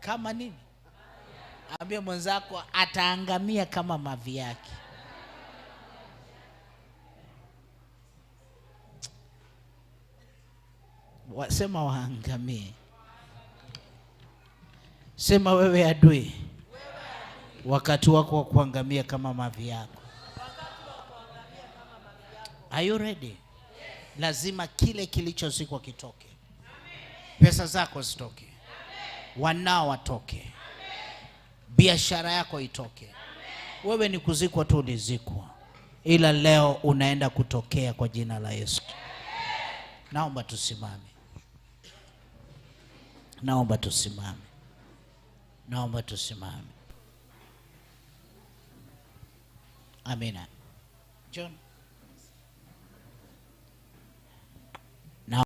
kama nini? Ambie mwenzako ataangamia kama mavi yake. Wasema waangamie. Sema wewe adui, wakati wako wa kuangamia kama mavi yako. Are you ready? Yes. Lazima kile kilichozikwa kitoke. Amen. Pesa zako zitoke wanao watoke, biashara yako itoke. Amen. Wewe ni kuzikwa tu, ulizikwa, ila leo unaenda kutokea kwa jina la Yesu. Naomba tusimame, naomba tusimame, naomba tusimame. Amina. John